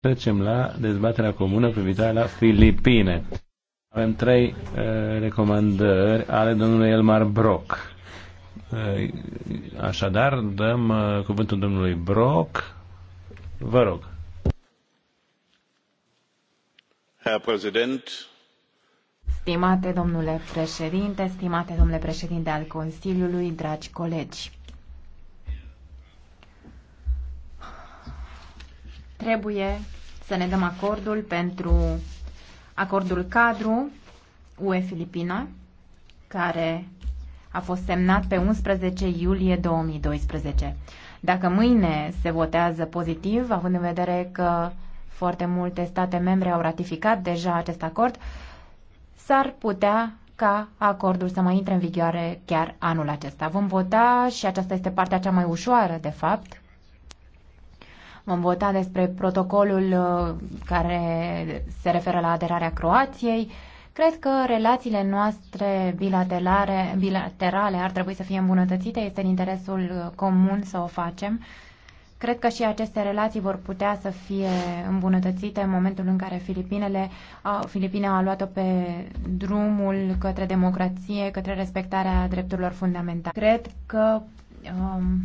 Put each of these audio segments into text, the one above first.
Trecem la dezbaterea comună privitoare la Filipine. Avem trei uh, recomandări ale domnului Elmar Brock. Uh, așadar, dăm uh, cuvântul domnului Brock. Vă rog. Herr Präsident. Stimate domnule președinte, stimate domnule președinte al Consiliului, dragi colegi. Trebuie să ne dăm acordul pentru acordul cadru UE-Filipina, care a fost semnat pe 11 iulie 2012. Dacă mâine se votează pozitiv, având în vedere că foarte multe state membre au ratificat deja acest acord, s-ar putea ca acordul să mai intre în vigoare chiar anul acesta. Vom vota și aceasta este partea cea mai ușoară, de fapt, Vom vota despre protocolul uh, care se referă la aderarea Croației. Cred că relațiile noastre bilaterale, bilaterale ar trebui să fie îmbunătățite. Este în interesul uh, comun să o facem. Cred că și aceste relații vor putea să fie îmbunătățite în momentul în care Filipinele, a, Filipine a luat-o pe drumul către democrație, către respectarea drepturilor fundamentale. Cred că um,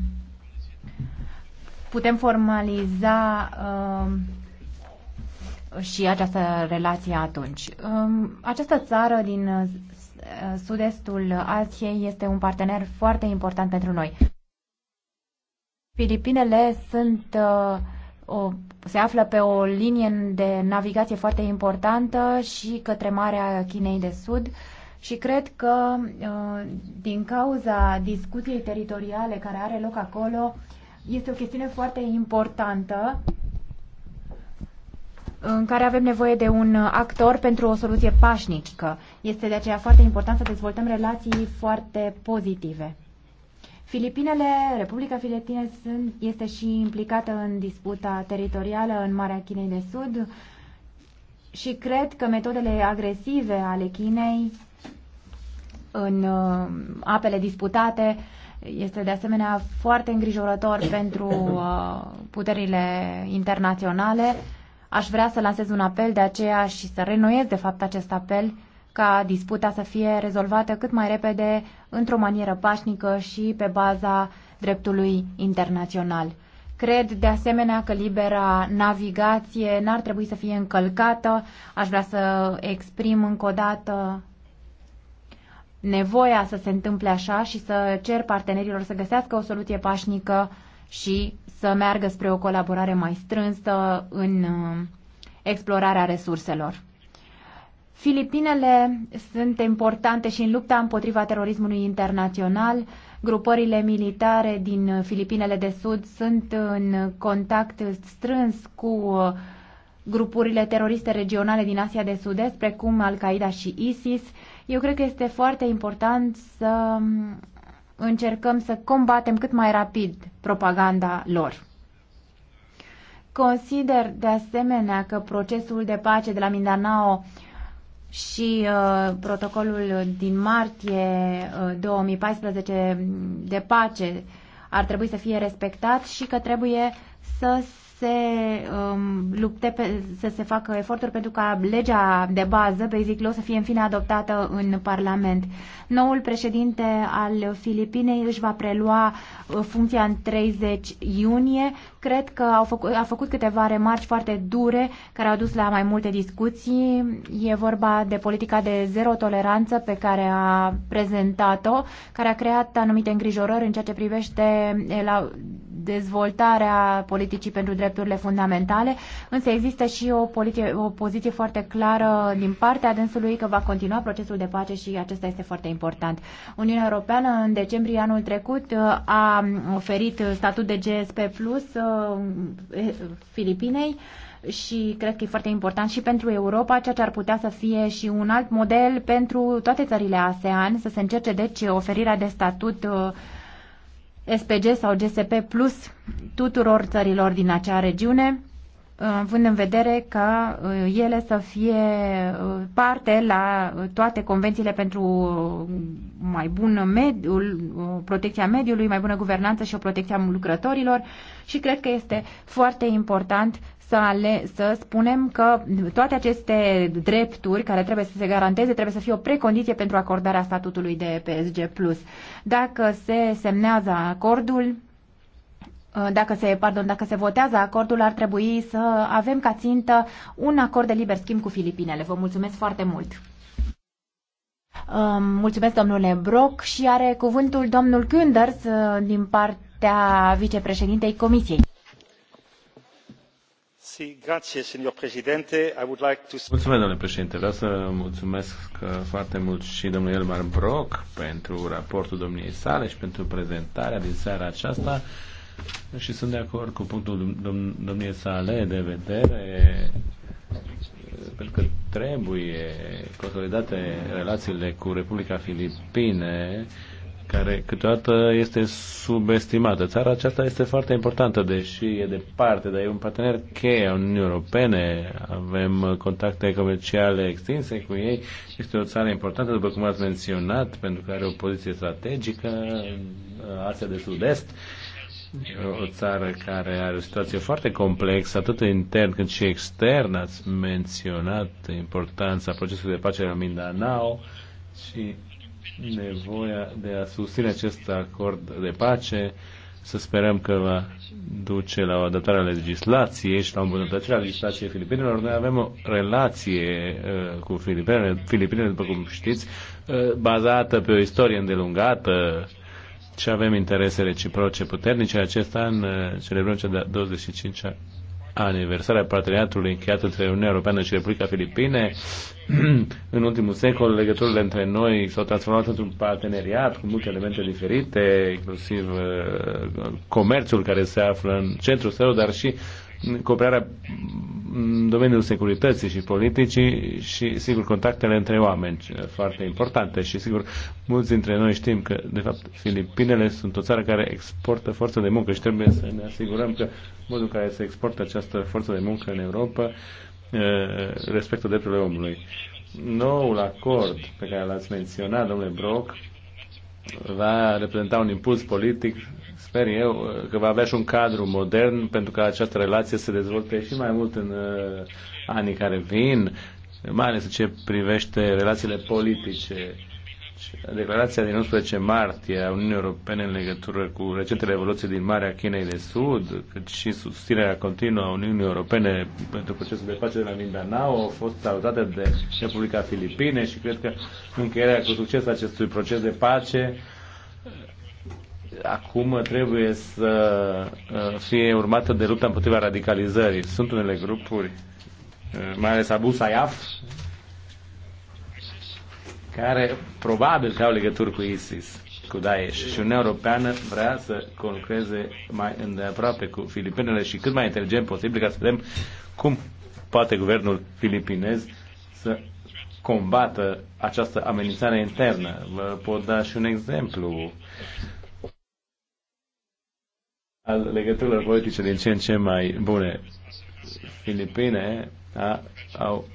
putem formaliza uh, și această relație atunci. Uh, această țară din uh, sud-estul Asiei este un partener foarte important pentru noi. Filipinele sunt uh, o, se află pe o linie de navigație foarte importantă și către Marea Chinei de Sud și cred că uh, din cauza discuției teritoriale care are loc acolo, este o chestiune foarte importantă în care avem nevoie de un actor pentru o soluție pașnică. Este de aceea foarte important să dezvoltăm relații foarte pozitive. Filipinele, Republica Filipine sunt, este și implicată în disputa teritorială în Marea Chinei de Sud și cred că metodele agresive ale Chinei în uh, apele disputate este de asemenea foarte îngrijorător pentru uh, puterile internaționale. Aș vrea să lansez un apel de aceea și să renoiez de fapt acest apel ca disputa să fie rezolvată cât mai repede, într-o manieră pașnică și pe baza dreptului internațional. Cred de asemenea că libera navigație n-ar trebui să fie încălcată. Aș vrea să exprim încă o dată nevoia să se întâmple așa și să cer partenerilor să găsească o soluție pașnică și să meargă spre o colaborare mai strânsă în uh, explorarea resurselor. Filipinele sunt importante și în lupta împotriva terorismului internațional. Grupările militare din Filipinele de Sud sunt în contact strâns cu uh, grupurile teroriste regionale din Asia de Sud-Est, precum Al-Qaeda și ISIS, eu cred că este foarte important să încercăm să combatem cât mai rapid propaganda lor. Consider de asemenea că procesul de pace de la Mindanao și uh, protocolul din martie uh, 2014 de pace ar trebui să fie respectat și că trebuie să se um, lupte, pe, să se facă eforturi pentru ca legea de bază, Basic Law, să fie în fine adoptată în Parlament. Noul președinte al Filipinei își va prelua uh, funcția în 30 iunie. Cred că au făcut, a făcut câteva remarci foarte dure care au dus la mai multe discuții. E vorba de politica de zero toleranță pe care a prezentat-o, care a creat anumite îngrijorări în ceea ce privește eh, la dezvoltarea politicii pentru drepturile fundamentale, însă există și o, politie, o poziție foarte clară din partea dânsului că va continua procesul de pace și acesta este foarte important. Uniunea Europeană în decembrie anul trecut a oferit statut de GSP Plus uh, Filipinei și cred că e foarte important și pentru Europa, ceea ce ar putea să fie și un alt model pentru toate țările ASEAN, să se încerce deci oferirea de statut uh, SPG sau GSP Plus tuturor țărilor din acea regiune având în vedere că uh, ele să fie uh, parte la toate convențiile pentru uh, mai bună mediul, protecția mediului, mai bună guvernanță și o protecție a lucrătorilor și cred că este foarte important să, ale, să spunem că toate aceste drepturi care trebuie să se garanteze trebuie să fie o precondiție pentru acordarea statutului de PSG+. Dacă se semnează acordul, Uh, dacă se, pardon, dacă se votează acordul, ar trebui să avem ca țintă un acord de liber schimb cu Filipinele. Vă mulțumesc foarte mult! Uh, mulțumesc, domnule Brock, și are cuvântul domnul Künders uh, din partea vicepreședintei Comisiei. Mulțumesc, domnule președinte. Vreau să mulțumesc foarte mult și domnului Elmar Brock pentru raportul domniei sale și pentru prezentarea din seara aceasta și sunt de acord cu punctul domniei sale de vedere pentru că trebuie consolidate relațiile cu Republica Filipine care câteodată este subestimată. Țara aceasta este foarte importantă, deși e departe, dar e un partener cheie a Uniunii Europene. Avem contacte comerciale extinse cu ei. Este o țară importantă, după cum ați menționat, pentru că are o poziție strategică în Asia de Sud-Est o țară care are o situație foarte complexă, atât intern cât și extern. Ați menționat importanța procesului de pace la Mindanao și nevoia de a susține acest acord de pace. Să sperăm că va duce la o adaptare a legislației și la o îmbunătățire a legislației filipinelor. Noi avem o relație uh, cu filipinele, filipinele, după cum știți, uh, bazată pe o istorie îndelungată, uh, și avem interese reciproce puternice. Acest an uh, celebrăm cea de 25 aniversare a parteneriatului încheiat între Uniunea Europeană și Republica Filipine. în ultimul secol, legăturile între noi s-au transformat într-un parteneriat cu multe elemente diferite, inclusiv uh, comerțul care se află în centrul său, dar și cooperarea în domeniul securității și politicii și, sigur, contactele între oameni, foarte importante. Și, sigur, mulți dintre noi știm că, de fapt, Filipinele sunt o țară care exportă forță de muncă și trebuie să ne asigurăm că modul în care se exportă această forță de muncă în Europa respectă drepturile omului. Noul acord pe care l-ați menționat, domnule Brock, va reprezenta un impuls politic sper eu, uh, că va avea și un cadru modern pentru ca această relație să se dezvolte și mai mult în uh, anii care vin, mai ales ce privește relațiile politice. Declarația din 11 martie a Uniunii Europene în legătură cu recentele evoluții din Marea Chinei de Sud, cât și susținerea continuă a Uniunii Europene pentru procesul de pace de la Mindanao au fost salutate de Republica Filipine și cred că încheierea cu succes acestui proces de pace acum trebuie să uh, fie urmată de lupta împotriva radicalizării. Sunt unele grupuri, uh, mai ales Abu Sayyaf, care probabil că au legături cu ISIS, cu Daesh. Și Uniunea Europeană vrea să concreze mai îndeaproape cu Filipinele și cât mai inteligent posibil ca să vedem cum poate guvernul filipinez să combată această amenințare internă. Vă pot da și un exemplu al legăturilor politice din ce în ce mai bune. Filipine a, au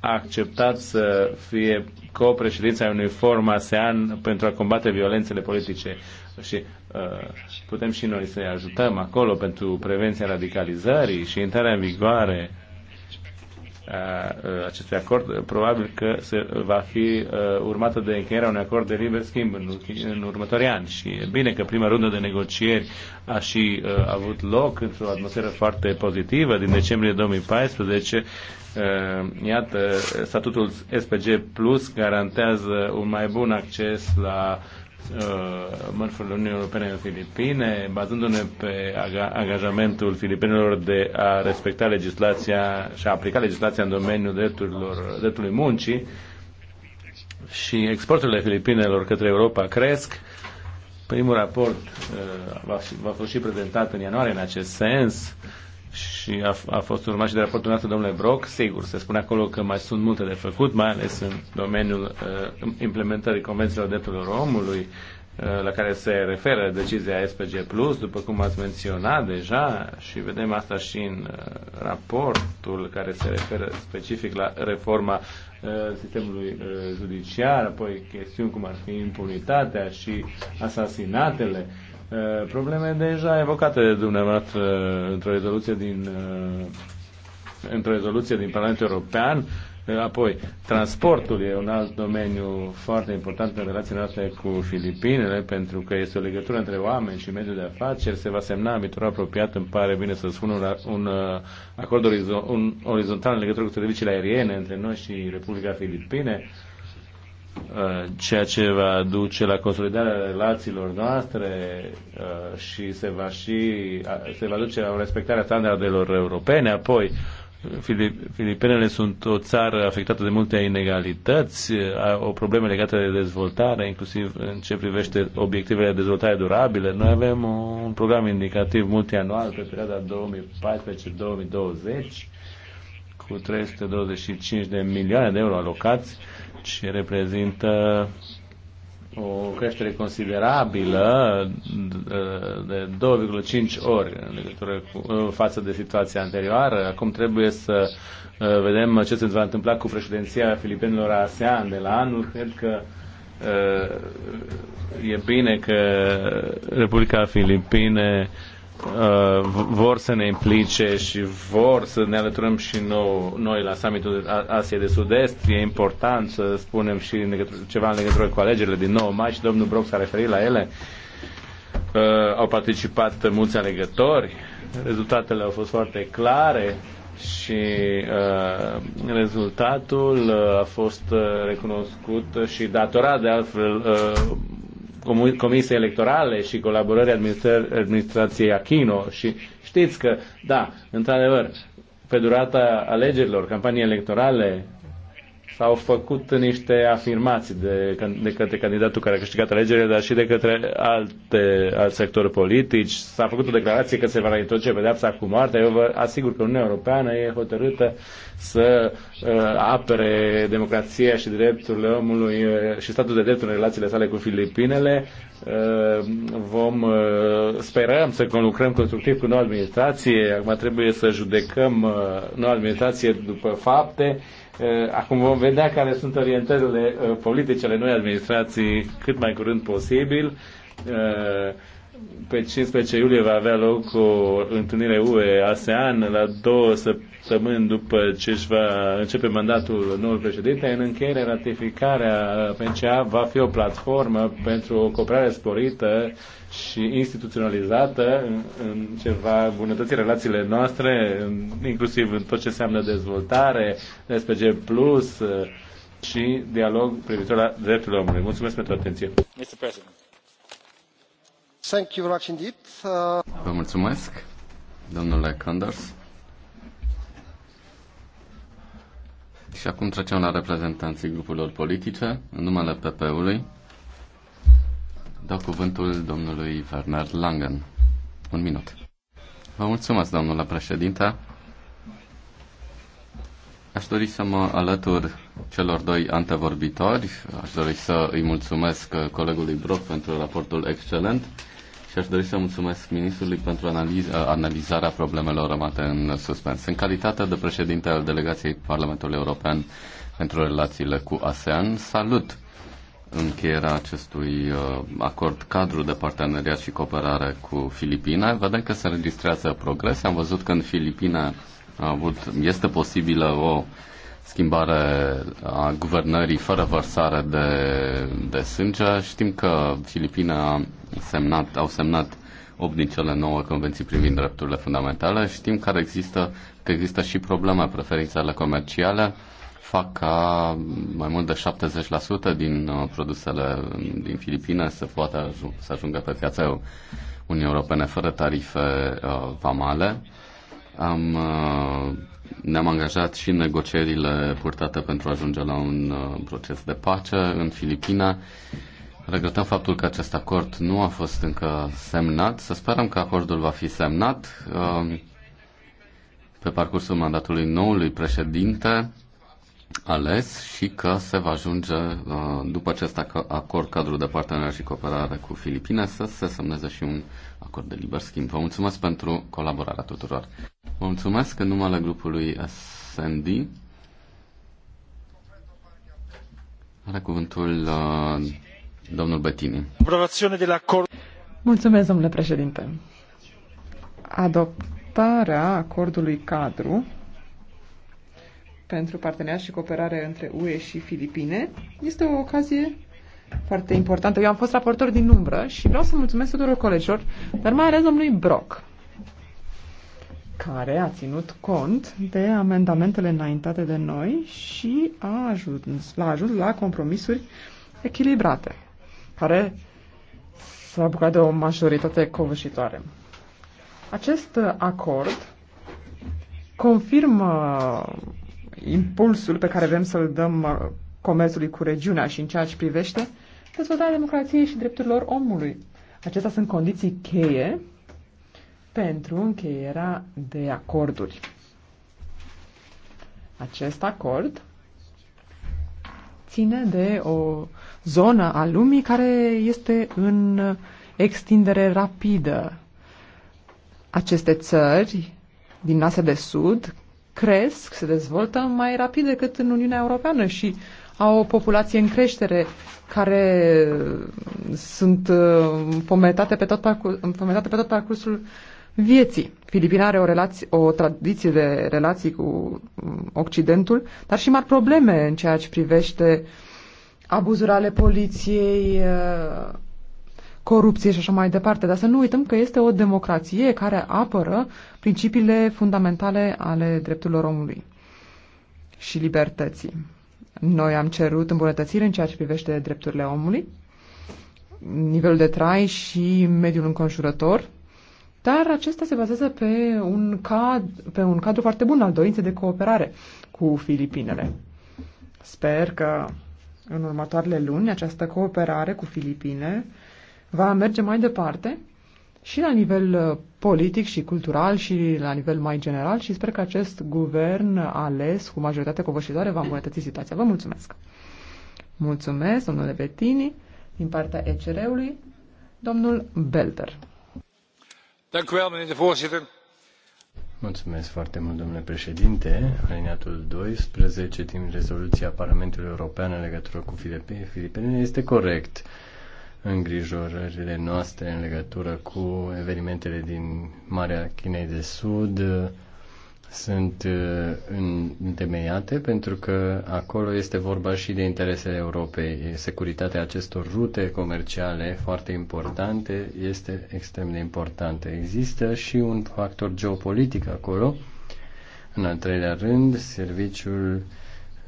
acceptat să fie copreședința unui forum ASEAN pentru a combate violențele politice și uh, putem și noi să-i ajutăm acolo pentru prevenția radicalizării și intrarea în vigoare a acestui acord, probabil că se va fi urmată de încheierea unui acord de liber schimb în, în următorii ani. Și e bine că prima rundă de negocieri a și a avut loc într-o atmosferă foarte pozitivă din decembrie 2014. Iată, statutul SPG Plus garantează un mai bun acces la uh, Uh, mărfurile Uniunii Europene în Filipine, bazându-ne pe angajamentul Filipinelor de a respecta legislația și a aplica legislația în domeniul drepturilor, dreptului muncii și exporturile filipinelor către Europa cresc. Primul raport uh, va fi, va fi și prezentat în ianuarie în acest sens. Uh, și a, a fost urmat și de raportul nostru, domnule Broc, Sigur, se spune acolo că mai sunt multe de făcut, mai ales în domeniul uh, implementării Convențiilor Drepturilor Omului, uh, la care se referă decizia SPG+, după cum ați menționat deja, și vedem asta și în uh, raportul care se referă specific la reforma uh, sistemului uh, judiciar, apoi chestiuni cum ar fi impunitatea și asasinatele probleme deja evocate de dumneavoastră într-o rezoluție din într-o rezoluție din Parlamentul European. Apoi, transportul e un alt domeniu foarte important în relația noastră cu Filipinele, pentru că este o legătură între oameni și mediul de afaceri. Se va semna în viitorul apropiat, îmi pare bine să spun, un, un acord orizontal în legătură cu serviciile aeriene între noi și Republica Filipine Uh, ceea ce va duce la consolidarea relațiilor noastre uh, și se va, și, uh, se va duce la respectarea standardelor europene. Apoi, Filipinele sunt o țară afectată de multe inegalități, o probleme legate de dezvoltare, inclusiv în ce privește obiectivele de dezvoltare durabile. Noi avem un program indicativ multianual pe perioada 2014-2020 cu 325 de milioane de euro alocați și reprezintă o creștere considerabilă uh, de 2,5 ori în legătură cu, uh, față de situația anterioară. Acum trebuie să uh, vedem ce se va întâmpla cu președinția filipenilor ASEAN de la anul. Cred că e bine că Republica Filipine Uh, vor să ne implice și vor să ne alăturăm și nou, noi la summitul Asiei de Sud-Est. E important să spunem și ceva în legătură cu alegerile din 9 mai și domnul Brock s-a referit la ele. Uh, au participat mulți alegători, rezultatele au fost foarte clare și uh, rezultatul uh, a fost uh, recunoscut și datorat de altfel uh, comisii electorale și colaborării administra- administrației Achino și știți că, da, într-adevăr, pe durata alegerilor, campanii electorale, s-au făcut niște afirmații de, de către candidatul care a câștigat alegerile, dar și de către alte, alt sector politici. S-a făcut o declarație că se va reintroduce pedeapsa cu moartea. Eu vă asigur că Uniunea Europeană e hotărâtă să uh, apere democrația și drepturile omului uh, și statul de drept în relațiile sale cu Filipinele. Uh, vom uh, sperăm să conlucrăm constructiv cu noua administrație. Acum trebuie să judecăm uh, noua administrație după fapte. Uh, Eh, acum vom vedea care sunt orientările eh, politice ale noi administrații cât mai curând posibil. Eh, pe 15 iulie va avea loc o întâlnire UE-ASEAN la două săptămâni săptămâni după ce își va începe mandatul noului președinte. În încheiere, ratificarea PNCA va fi o platformă pentru o cooperare sporită și instituționalizată în, în ce va îmbunătăți relațiile noastre, inclusiv în tot ce înseamnă dezvoltare, SPG+, plus uh, și dialog privitor la drepturile omului. Mulțumesc pentru atenție. Mr. President. Thank you very much indeed. Uh... Vă mulțumesc, domnule Condors. Și acum trecem la reprezentanții grupurilor politice. În numele PP-ului dau cuvântul domnului Werner Langen. Un minut. Vă mulțumesc, domnule președinte. Aș dori să mă alătur celor doi antevorbitori. Aș dori să îi mulțumesc colegului Brock pentru raportul excelent și aș dori să mulțumesc ministrului pentru analiz, analizarea problemelor rămate în suspens. În calitate de președinte al delegației Parlamentului European pentru relațiile cu ASEAN, salut încheierea acestui uh, acord cadru de parteneriat și cooperare cu Filipina. Vedem că se înregistrează progrese. Am văzut că în Filipina, a avut, este posibilă o uh, schimbare a guvernării fără vărsare de, de sânge. Știm că Filipina a semnat, au semnat 8 din cele 9 convenții privind drepturile fundamentale. Știm că există, că există și probleme, preferințele comerciale fac ca mai mult de 70% din uh, produsele din Filipine să poată să ajungă pe piața Uniunii Europene fără tarife uh, vamale. Am uh, ne-am angajat și în negocierile purtate pentru a ajunge la un uh, proces de pace în Filipina. Regretăm faptul că acest acord nu a fost încă semnat. Să sperăm că acordul va fi semnat um, pe parcursul mandatului noului președinte ales și că se va ajunge, uh, după acest acord cadru de parteneriat și cooperare cu Filipine, să se semneze și un acord de liber schimb. Vă mulțumesc pentru colaborarea tuturor. Vă mulțumesc în numele grupului SND. Are cuvântul uh, domnul Bettini. Mulțumesc, domnule președinte. Adoptarea acordului cadru pentru parteneriat și cooperare între UE și Filipine este o ocazie foarte importantă. Eu am fost raportor din umbră și vreau să mulțumesc tuturor colegilor, dar mai ales domnului Brock, care a ținut cont de amendamentele înaintate de noi și a ajuns, l-a ajuns la compromisuri echilibrate, care s-a bucurat de o majoritate covârșitoare. Acest acord confirmă impulsul pe care vrem să-l dăm comerțului cu regiunea și în ceea ce privește dezvoltarea democrației și drepturilor omului. Acestea sunt condiții cheie pentru încheierea de acorduri. Acest acord ține de o zonă a lumii care este în extindere rapidă. Aceste țări din Asia de Sud cresc, se dezvoltă mai rapid decât în Uniunea Europeană și au o populație în creștere care uh, sunt pometate uh, pe tot, parcurs, pometate pe tot parcursul vieții. Filipina are o, relație, o tradiție de relații cu mm, Occidentul, dar și mari probleme în ceea ce privește abuzuri ale poliției, uh, corupție și așa mai departe. Dar să nu uităm că este o democrație care apără principiile fundamentale ale drepturilor omului și libertății. Noi am cerut îmbunătățiri în ceea ce privește drepturile omului, nivelul de trai și mediul înconjurător, dar acesta se bazează pe un, cad, pe un cadru foarte bun al dorinței de cooperare cu Filipinele. Sper că în următoarele luni această cooperare cu Filipine va merge mai departe și la nivel uh, politic și cultural și la nivel mai general și sper că acest guvern ales cu majoritate covășitoare va îmbunătăți situația. Vă mulțumesc! Mulțumesc, domnule Bettini, din partea ECR-ului, domnul Belder. Mulțumesc foarte mult, domnule președinte. Alineatul 12 din rezoluția Parlamentului European în legătură cu Filipinele este corect îngrijorările noastre în legătură cu evenimentele din Marea Chinei de Sud uh, sunt uh, întemeiate pentru că acolo este vorba și de interesele Europei. Securitatea acestor rute comerciale foarte importante este extrem de importantă. Există și un factor geopolitic acolo. În al treilea rând, serviciul uh,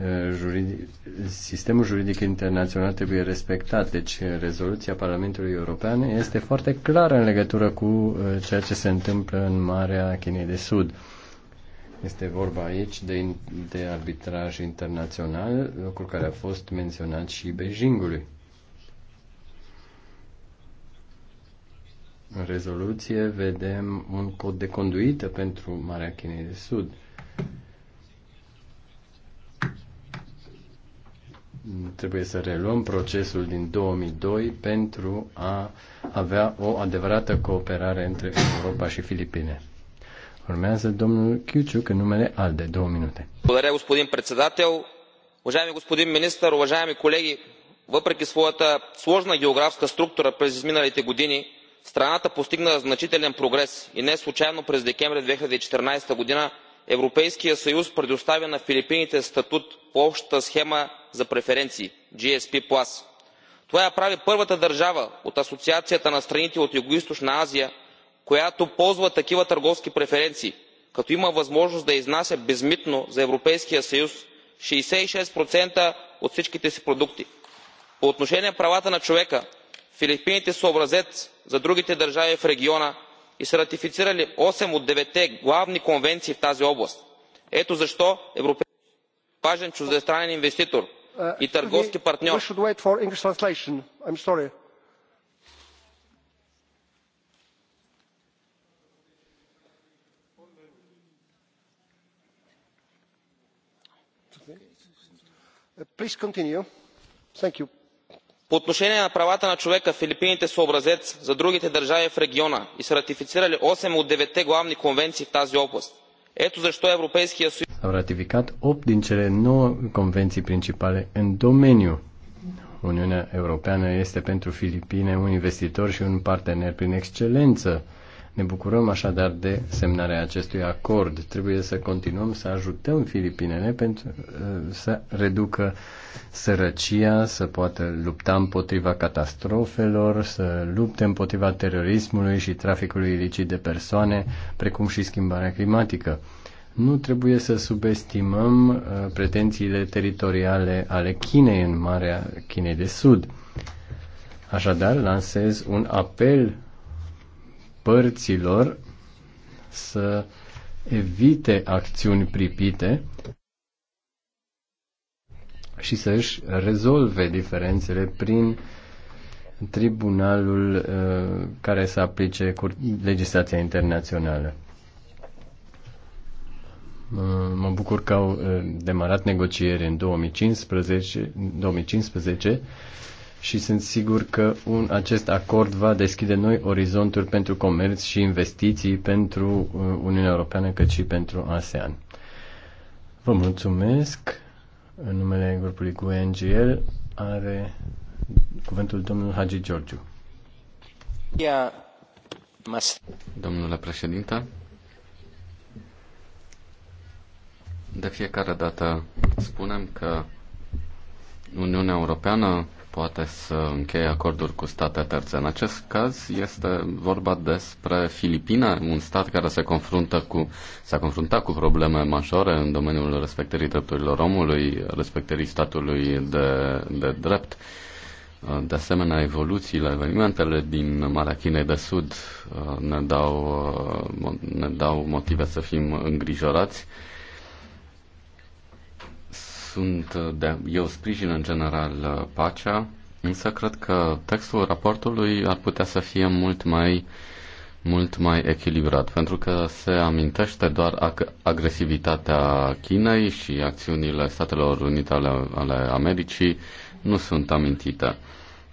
Eh, juridic, sistemul juridic internațional trebuie respectat. Deci eh, rezoluția Parlamentului European este foarte clară în legătură cu eh, ceea ce se întâmplă în Marea Chinei de Sud. Este vorba aici de, de arbitraj internațional, lucru care a fost menționat și Beijingului. În rezoluție vedem un cod de conduită pentru Marea Chinei de Sud. trebuie să reluăm procesul din 2002 pentru a avea o adevărată cooperare între Europa și Filipine. Urmează domnul Chiuciuc în numele al de Două minute. Благодаря, господин председател. Уважаеми господин министър, уважаеми колеги, въпреки своята сложна географска структура през изминалите години, страната постигна значителен прогрес и не случайно през декември 2014 година европейският съюз предоставя на филипините статут по общата схема за преференции gsp. това я прави първата държава от асоциацията на страните от югоизточна азия която ползва такива търговски преференции като има възможност да изнася безмитно за европейския съюз шестдесет и шест процента от всичките си продукти. по отношение правата на човека филипините са образец за другите държави в региона i sa ratificirali osam od devetet glavnih konvencija u ovoj oblasti. eto zašto evropska unija je važan čudestran investitor uh, i trgovinski partner. Uh, please continue. thank you по отношение на правата на човека филипините са образец за другите държави в региона и са ратифицирали 8 от 9 главни конвенции в тази област. Ето защо Европейския съюз... Au ratificat 8 din cele 9 convenții principale în domeniu. Uniunea Europeană este pentru Filipine un investitor și un partener prin excelență. Ne bucurăm așadar de semnarea acestui acord. Trebuie să continuăm să ajutăm Filipinele pentru uh, să reducă sărăcia, să poată lupta împotriva catastrofelor, să lupte împotriva terorismului și traficului ilicit de persoane, precum și schimbarea climatică. Nu trebuie să subestimăm uh, pretențiile teritoriale ale Chinei în Marea Chinei de Sud. Așadar, lansez un apel părților să evite acțiuni pripite și să își rezolve diferențele prin tribunalul uh, care să aplice legislația internațională. Mă bucur că au uh, demarat negocieri în 2015, 2015 și sunt sigur că un, acest acord va deschide noi orizonturi pentru comerț și investiții pentru uh, Uniunea Europeană, cât și pentru ASEAN. Vă mulțumesc. În numele grupului GUNGL are cuvântul domnul Hagi Georgiu. Domnule președinte, de fiecare dată spunem că Uniunea Europeană poate să încheie acorduri cu state terțe. În acest caz este vorba despre Filipina, un stat care se confruntă cu, s-a confruntat cu probleme majore în domeniul respectării drepturilor omului, respectării statului de, de drept. De asemenea, evoluțiile, evenimentele din Marea Chinei de Sud uh, ne dau, uh, ne dau motive să fim îngrijorați sunt de, eu sprijin în general uh, pacea, însă cred că textul raportului ar putea să fie mult mai mult mai echilibrat, pentru că se amintește doar ag- agresivitatea Chinei și acțiunile Statelor Unite ale, ale Americii nu sunt amintite.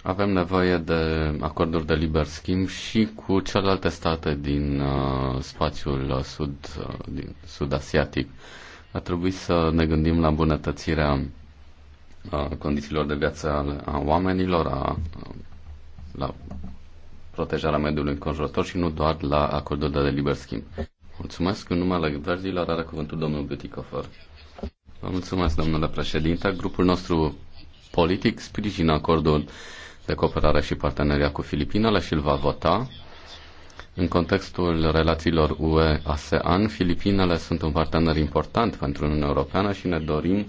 Avem nevoie de acorduri de liber schimb și cu celelalte state din uh, spațiul sud, uh, din sud-asiatic. Uh, ar trebui să ne gândim la îmbunătățirea condițiilor de viață a oamenilor, a, la protejarea mediului înconjurător și nu doar la acordul de liber schimb. Mulțumesc. În numele verzilor are cuvântul domnul Butikofer. Vă mulțumesc, domnule președinte. Grupul nostru politic sprijină acordul de cooperare și parteneria cu Filipinele și îl va vota în contextul relațiilor UE-ASEAN, Filipinele sunt un partener important pentru Uniunea Europeană și ne dorim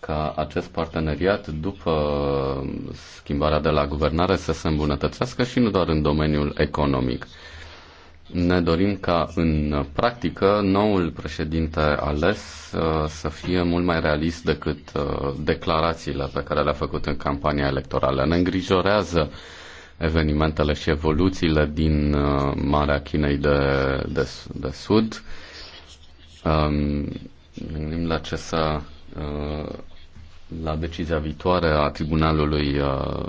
ca acest parteneriat, după schimbarea de la guvernare, să se îmbunătățească și nu doar în domeniul economic. Ne dorim ca în practică noul președinte ales uh, să fie mult mai realist decât uh, declarațiile pe care le-a făcut în campania electorală. Ne îngrijorează uh, evenimentele și evoluțiile din uh, Marea Chinei de, de, de Sud. Um, gândim la ce să, uh, la decizia viitoare a Tribunalului uh,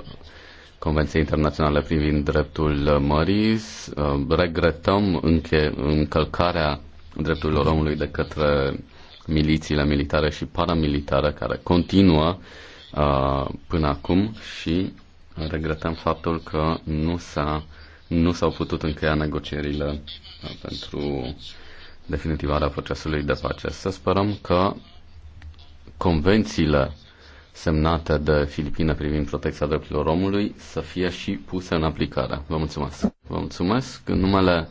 Convenției Internaționale privind dreptul mării. Uh, regretăm înche- încălcarea drepturilor omului de către milițiile militare și paramilitare care continuă uh, până acum și regretăm faptul că nu, s-a, nu s-au putut încheia negocierile uh, pentru definitivarea procesului de pace. Să sperăm că convențiile semnate de Filipine privind protecția drepturilor omului să fie și puse în aplicare. Vă mulțumesc. Vă mulțumesc. În numele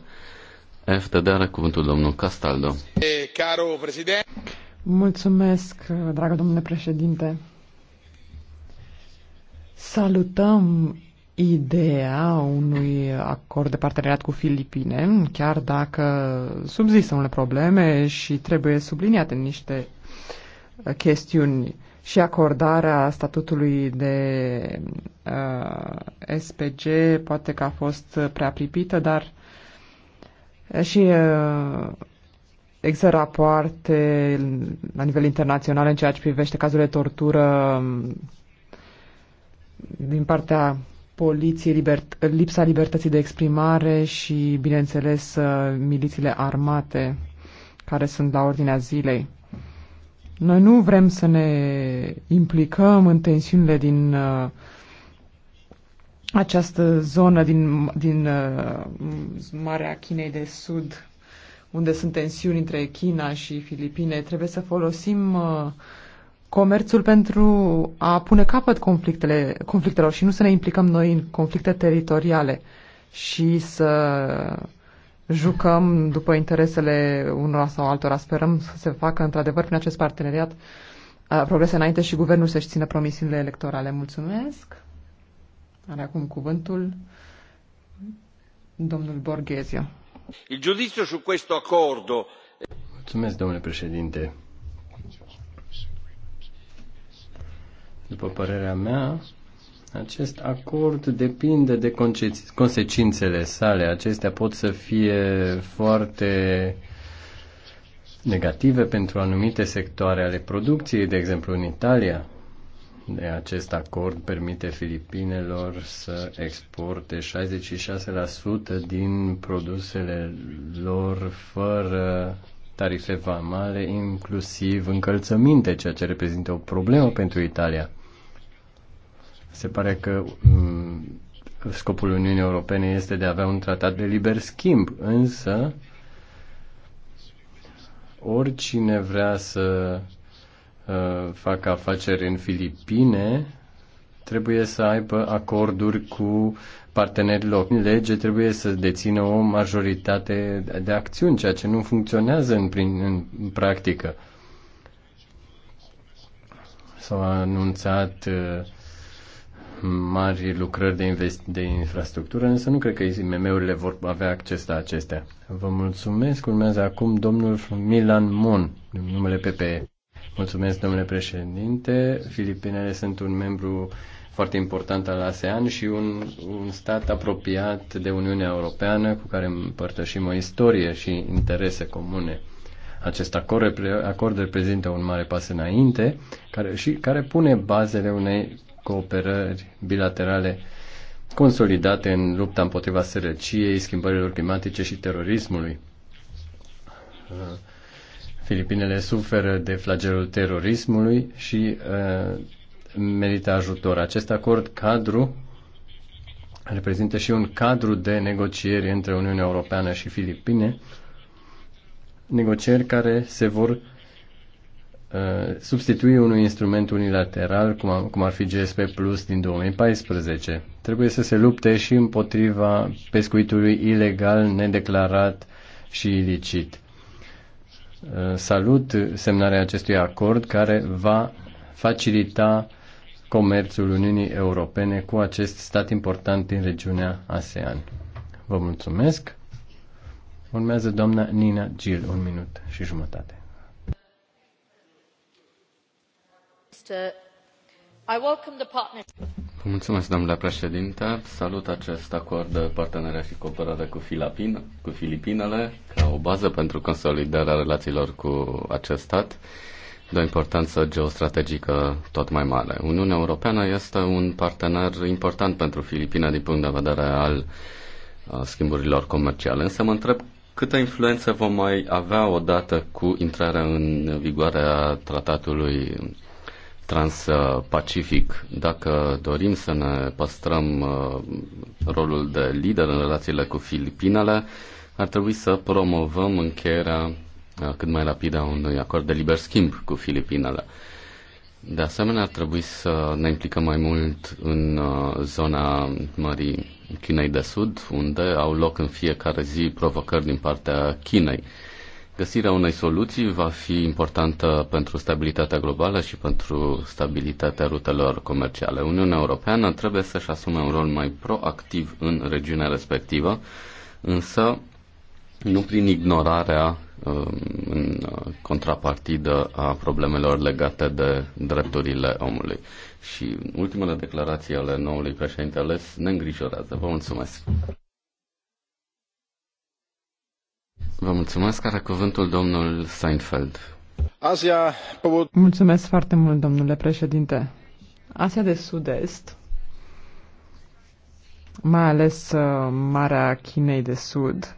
FTD are cuvântul domnul Castaldo. Caro președinte. Mulțumesc, dragă domnule președinte. Salutăm ideea unui acord de parteneriat cu Filipine, chiar dacă subzistă unele probleme și trebuie subliniate niște chestiuni și acordarea statutului de uh, SPG poate că a fost prea pripită, dar și uh, există rapoarte la nivel internațional în ceea ce privește cazurile de tortură um, din partea poliției, libert, lipsa libertății de exprimare și, bineînțeles, uh, milițiile armate care sunt la ordinea zilei. Noi nu vrem să ne implicăm în tensiunile din uh, această zonă din, din uh, Marea Chinei de Sud, unde sunt tensiuni între China și Filipine. Trebuie să folosim uh, comerțul pentru a pune capăt conflictele, conflictelor și nu să ne implicăm noi în conflicte teritoriale și să jucăm după interesele unora sau altora. Sperăm să se facă într-adevăr prin acest parteneriat uh, progrese înainte și guvernul să-și țină promisiunile electorale. Mulțumesc! Are acum cuvântul domnul Borghezio. Il giudizio su questo accordo. Mulțumesc, domnule președinte. După părerea mea, acest acord depinde de consecințele sale. Acestea pot să fie foarte negative pentru anumite sectoare ale producției, de exemplu în Italia. De acest acord permite Filipinelor să exporte 66% din produsele lor fără tarife vamale, inclusiv încălțăminte, ceea ce reprezintă o problemă pentru Italia se pare că mm, scopul Uniunii Europene este de a avea un tratat de liber schimb, însă oricine vrea să uh, facă afaceri în Filipine trebuie să aibă acorduri cu parteneri locali. Lege trebuie să dețină o majoritate de acțiuni, ceea ce nu funcționează în, prin, în practică. S-au anunțat uh, mari lucrări de, invest- de infrastructură, însă nu cred că IMM-urile vor avea acces la acestea. Vă mulțumesc. Urmează acum domnul Milan Mon, numele PPE. Mulțumesc, domnule președinte. Filipinele sunt un membru foarte important al ASEAN și un, un stat apropiat de Uniunea Europeană cu care împărtășim o istorie și interese comune. Acest acord, acord reprezintă un mare pas înainte care, și care pune bazele unei cooperări bilaterale consolidate în lupta împotriva sărăciei, schimbărilor climatice și terorismului. Uh, Filipinele suferă de flagelul terorismului și uh, merită ajutor. Acest acord cadru reprezintă și un cadru de negocieri între Uniunea Europeană și Filipine, negocieri care se vor Uh, substitui unui instrument unilateral, cum, cum ar fi GSP Plus din 2014. Trebuie să se lupte și împotriva pescuitului ilegal, nedeclarat și ilicit. Uh, salut semnarea acestui acord care va facilita comerțul Uniunii Europene cu acest stat important din regiunea ASEAN. Vă mulțumesc. Urmează doamna Nina Gil, un minut și jumătate. Vă domnule președinte. Salut acest acord de parteneriat și cooperare cu, Filipin, cu Filipinele ca o bază pentru consolidarea relațiilor cu acest stat de o importanță geostrategică tot mai mare. Uniunea Europeană este un partener important pentru Filipine din punct de vedere al schimburilor comerciale, însă mă întreb câtă influență vom mai avea odată cu intrarea în vigoare a tratatului transpacific, dacă dorim să ne păstrăm uh, rolul de lider în relațiile cu Filipinele, ar trebui să promovăm încheierea uh, cât mai rapidă a unui acord de liber schimb cu Filipinele. De asemenea, ar trebui să ne implicăm mai mult în uh, zona Mării Chinei de Sud, unde au loc în fiecare zi provocări din partea Chinei. Găsirea unei soluții va fi importantă pentru stabilitatea globală și pentru stabilitatea rutelor comerciale. Uniunea Europeană trebuie să-și asume un rol mai proactiv în regiunea respectivă, însă nu prin ignorarea um, în contrapartidă a problemelor legate de drepturile omului. Și ultimele declarații ale noului președinte ales ne îngrijorează. Vă mulțumesc! Vă mulțumesc. Are cuvântul domnul Seinfeld. Asia... Mulțumesc foarte mult, domnule președinte. Asia de Sud-Est, mai ales uh, Marea Chinei de Sud,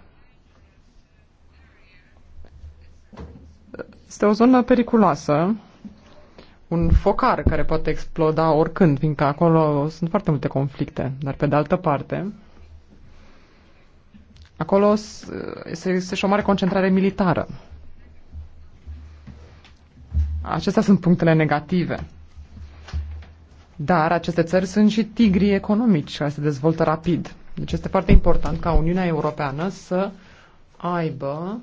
este o zonă periculoasă, un focar care poate exploda oricând, fiindcă acolo sunt foarte multe conflicte. Dar pe de altă parte, Acolo este și o mare concentrare militară. Acestea sunt punctele negative. Dar aceste țări sunt și tigri economici care se dezvoltă rapid. Deci este foarte important ca Uniunea Europeană să aibă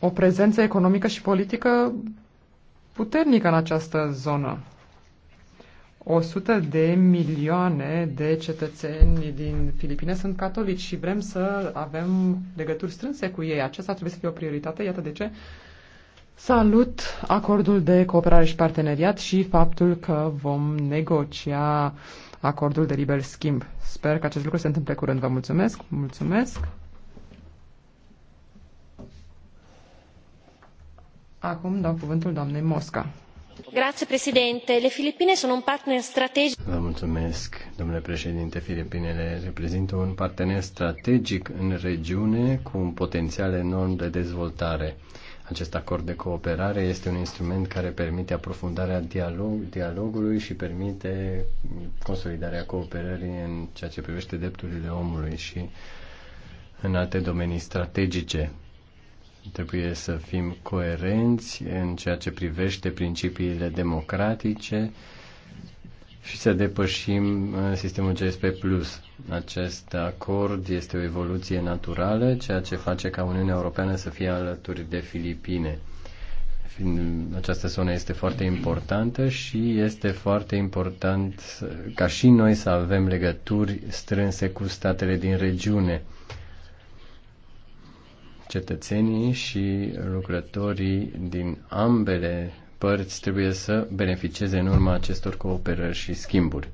o prezență economică și politică puternică în această zonă. 100 de milioane de cetățeni din Filipine sunt catolici și vrem să avem legături strânse cu ei. Acesta trebuie să fie o prioritate, iată de ce. Salut acordul de cooperare și parteneriat și faptul că vom negocia acordul de liber schimb. Sper că acest lucru se întâmple curând. Vă mulțumesc. Mulțumesc. Acum dau cuvântul doamnei Mosca domnule președinte. Filipinele sunt un partener strategic. domnule președinte. Filipinele reprezintă un partener strategic în regiune cu un potențial enorm de dezvoltare. Acest acord de cooperare este un instrument care permite aprofundarea dialog, dialogului și permite consolidarea cooperării în ceea ce privește drepturile omului și în alte domenii strategice. Trebuie să fim coerenți în ceea ce privește principiile democratice și să depășim uh, sistemul GSP+. Acest acord este o evoluție naturală, ceea ce face ca Uniunea Europeană să fie alături de Filipine. Această zonă este foarte importantă și este foarte important ca și noi să avem legături strânse cu statele din regiune Cetățenii și lucrătorii din ambele părți trebuie să beneficieze în urma acestor cooperări și schimburi.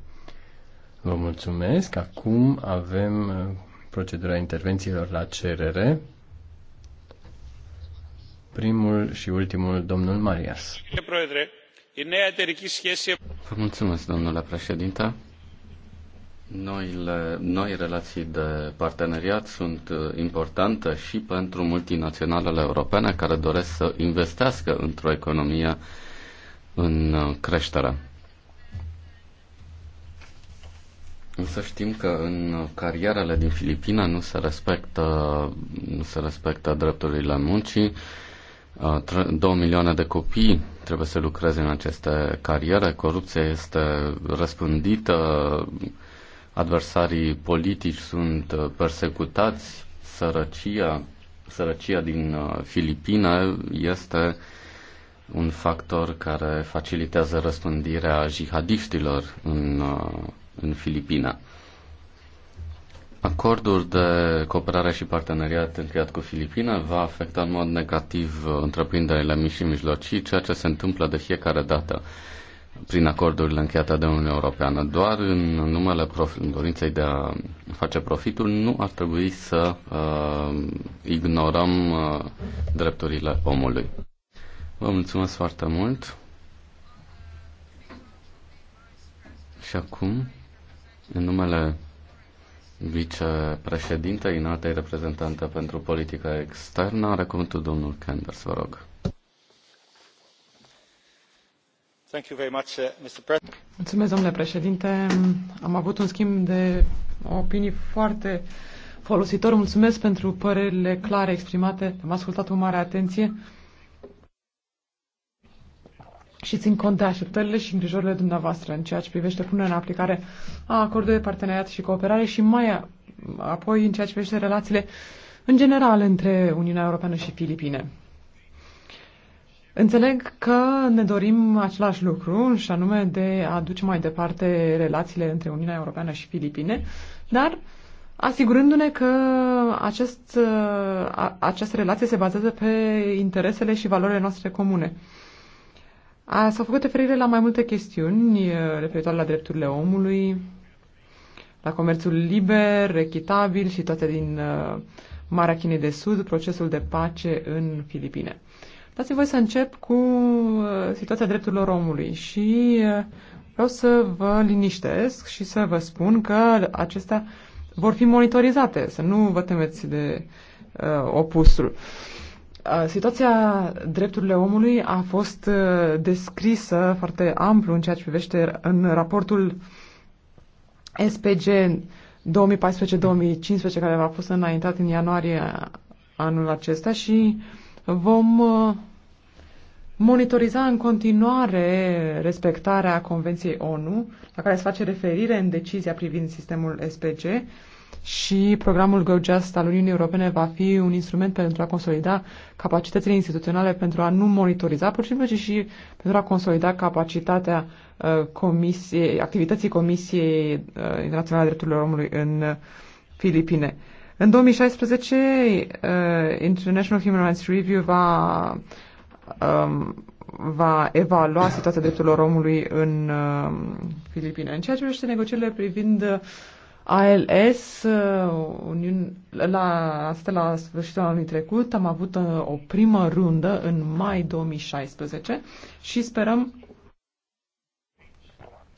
Vă mulțumesc. Acum avem uh, procedura intervențiilor la cerere. Primul și ultimul, domnul Marias. Vă mulțumesc, domnule președinte. Noile, noi relații de parteneriat sunt uh, importante și pentru multinaționalele europene care doresc să investească într-o economie în uh, creștere. Însă știm că în carierele din Filipina nu se respectă, nu se respectă drepturile muncii. 2 uh, milioane de copii trebuie să lucreze în aceste cariere. Corupția este răspândită, adversarii politici sunt uh, persecutați, sărăcia, sărăcia din uh, Filipine este un factor care facilitează răspândirea jihadiștilor în, uh, în Filipina. Acordul de cooperare și parteneriat încheiat cu Filipina va afecta în mod negativ întreprinderile mici și mijlocii, ceea ce se întâmplă de fiecare dată prin acordurile încheiate de Uniunea Europeană. Doar în numele în dorinței de a face profitul, nu ar trebui să uh, ignorăm uh, drepturile omului. Vă mulțumesc foarte mult. Și acum, în numele vicepreședintei înaltei reprezentante pentru politica externă, are cuvântul domnul Kenders, vă rog. Uh, Mulțumesc, domnule președinte. Am avut un schimb de opinii foarte folositor. Mulțumesc pentru părerile clare exprimate. Am ascultat cu mare atenție și țin cont de așteptările și îngrijorările dumneavoastră în ceea ce privește punerea în aplicare a acordului de parteneriat și cooperare și mai apoi în ceea ce privește relațiile în general între Uniunea Europeană și Filipine. Înțeleg că ne dorim același lucru, și anume de a duce mai departe relațiile între Uniunea Europeană și Filipine, dar asigurându-ne că acest, a, această relație se bazează pe interesele și valorile noastre comune. S-au făcut referire la mai multe chestiuni referitoare la drepturile omului, la comerțul liber, echitabil, și toate din uh, Marea Chinei de Sud, procesul de pace în Filipine. Dați-mi voi să încep cu uh, situația drepturilor omului și uh, vreau să vă liniștesc și să vă spun că acestea vor fi monitorizate, să nu vă temeți de uh, opusul. Uh, situația drepturile omului a fost uh, descrisă foarte amplu în ceea ce privește în raportul SPG 2014-2015 care a fost înaintat în ianuarie anul acesta și uh, Vom uh, monitoriza în continuare respectarea Convenției ONU, la care se face referire în decizia privind sistemul SPG și programul GoJust al Uniunii Europene va fi un instrument pentru a consolida capacitățile instituționale, pentru a nu monitoriza pur și simplu, ci și pentru a consolida capacitatea comisie, uh, comisiei, activității Comisiei uh, Internaționale a Drepturilor Omului în Filipine. În 2016, uh, International Human Rights Review va, um, va evalua situația drepturilor omului în um, Filipine. În ceea ce privește negocierile privind ALS, uh, Uniun, la, asta la sfârșitul anului trecut, am avut uh, o primă rundă în mai 2016 și sperăm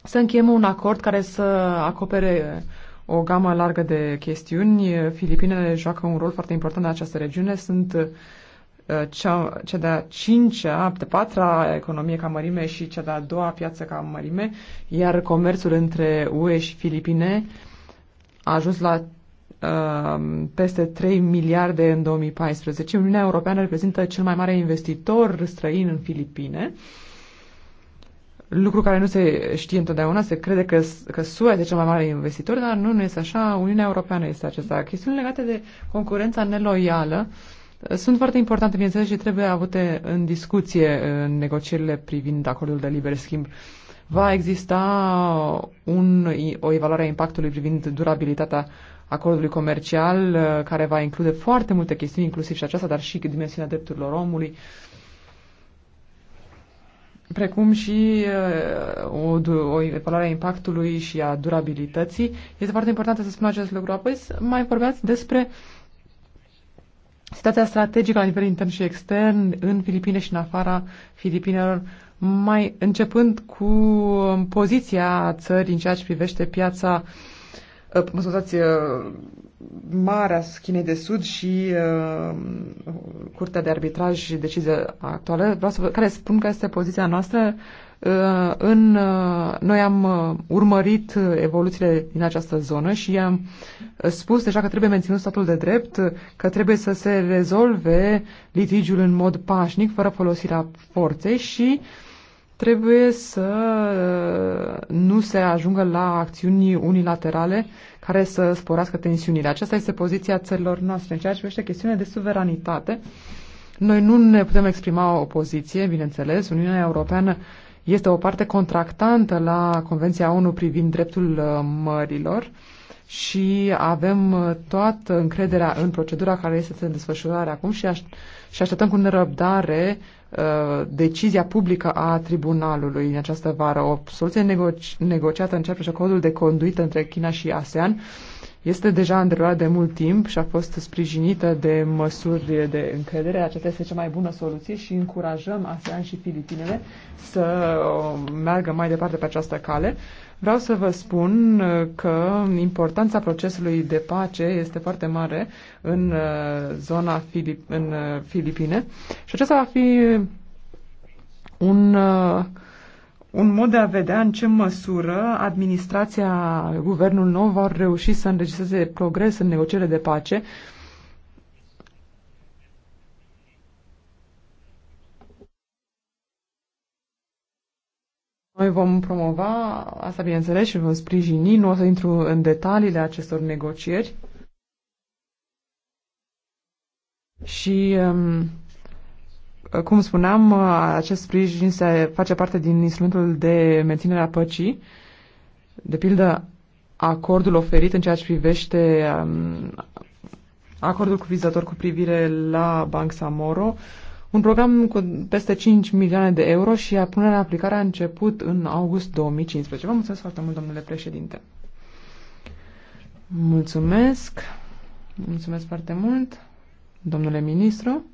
să încheiem un acord care să acopere uh, o gamă largă de chestiuni. Filipinele joacă un rol foarte important în această regiune. Sunt uh, cea, cea de-a cincea, de patra economie ca mărime și cea de-a doua piață ca mărime, iar comerțul între UE și Filipine a ajuns la uh, peste 3 miliarde în 2014. Uniunea Europeană reprezintă cel mai mare investitor străin în Filipine lucru care nu se știe întotdeauna, se crede că, că SUA este cel mai mare investitor, dar nu, nu este așa, Uniunea Europeană este acesta. Chestiuni legate de concurența neloială uh, sunt foarte importante, bineînțeles, și trebuie avute în discuție uh, în negocierile privind acordul de liber schimb. Va exista un, o evaluare a impactului privind durabilitatea acordului comercial, uh, care va include foarte multe chestiuni, inclusiv și aceasta, dar și dimensiunea drepturilor omului, uh, precum și uh, o, o evaluare a impactului și a durabilității. Este foarte important să spun acest lucru. Apoi mai vorbeați despre situația strategică la nivel intern și extern în Filipine și în afara Filipinelor, mai începând cu poziția țării în ceea ce privește piața uh, Ă, mă scuzați, ă, Marea Chinei de Sud și uh, Curtea de Arbitraj și decizia actuală, vreau să vă, care spun că este poziția noastră. Uh, în, uh, noi am uh, urmărit evoluțiile din această zonă și am spus deja că trebuie menținut statul de drept, că trebuie să se rezolve litigiul în mod pașnic, fără folosirea forței și uh, Trebuie să uh, nu se ajungă la acțiuni unilaterale care să sporească tensiunile. Aceasta este poziția țărilor noastre în ceea ce privește chestiunea de suveranitate. Noi nu ne putem exprima o poziție, bineînțeles. Uniunea Europeană este o parte contractantă la Convenția ONU privind dreptul uh, mărilor și avem uh, toată încrederea în procedura care este în desfășurare acum și, aș, și așteptăm cu nerăbdare uh, decizia publică a tribunalului în această vară. O soluție negoci, negociată începe și codul de conduită între China și ASEAN. Uh, este deja în de mult timp și a fost sprijinită de măsuri de încredere. Aceasta este cea mai bună soluție și încurajăm ASEAN și Filipinele să um, meargă mai departe pe această cale. Vreau să vă spun că importanța procesului de pace este foarte mare în uh, zona Filip- în uh, Filipine și acesta va fi un uh, un mod de a vedea în ce măsură administrația, guvernul nou va reuși să înregistreze progres în negocierile de pace Noi vom promova, asta bineînțeles, și vom sprijini, nu o să intru în detaliile acestor negocieri. Și um, Ă, cum spuneam, ă, acest sprijin se face parte din instrumentul de menținere a păcii. De pildă, acordul oferit în ceea ce privește um, acordul vizator cu privire la Bank Samoro, un program cu peste 5 milioane de euro și a punerea în aplicare a început în august 2015. Vă mulțumesc foarte mult, domnule președinte. Mulțumesc. Mulțumesc foarte mult, domnule ministru.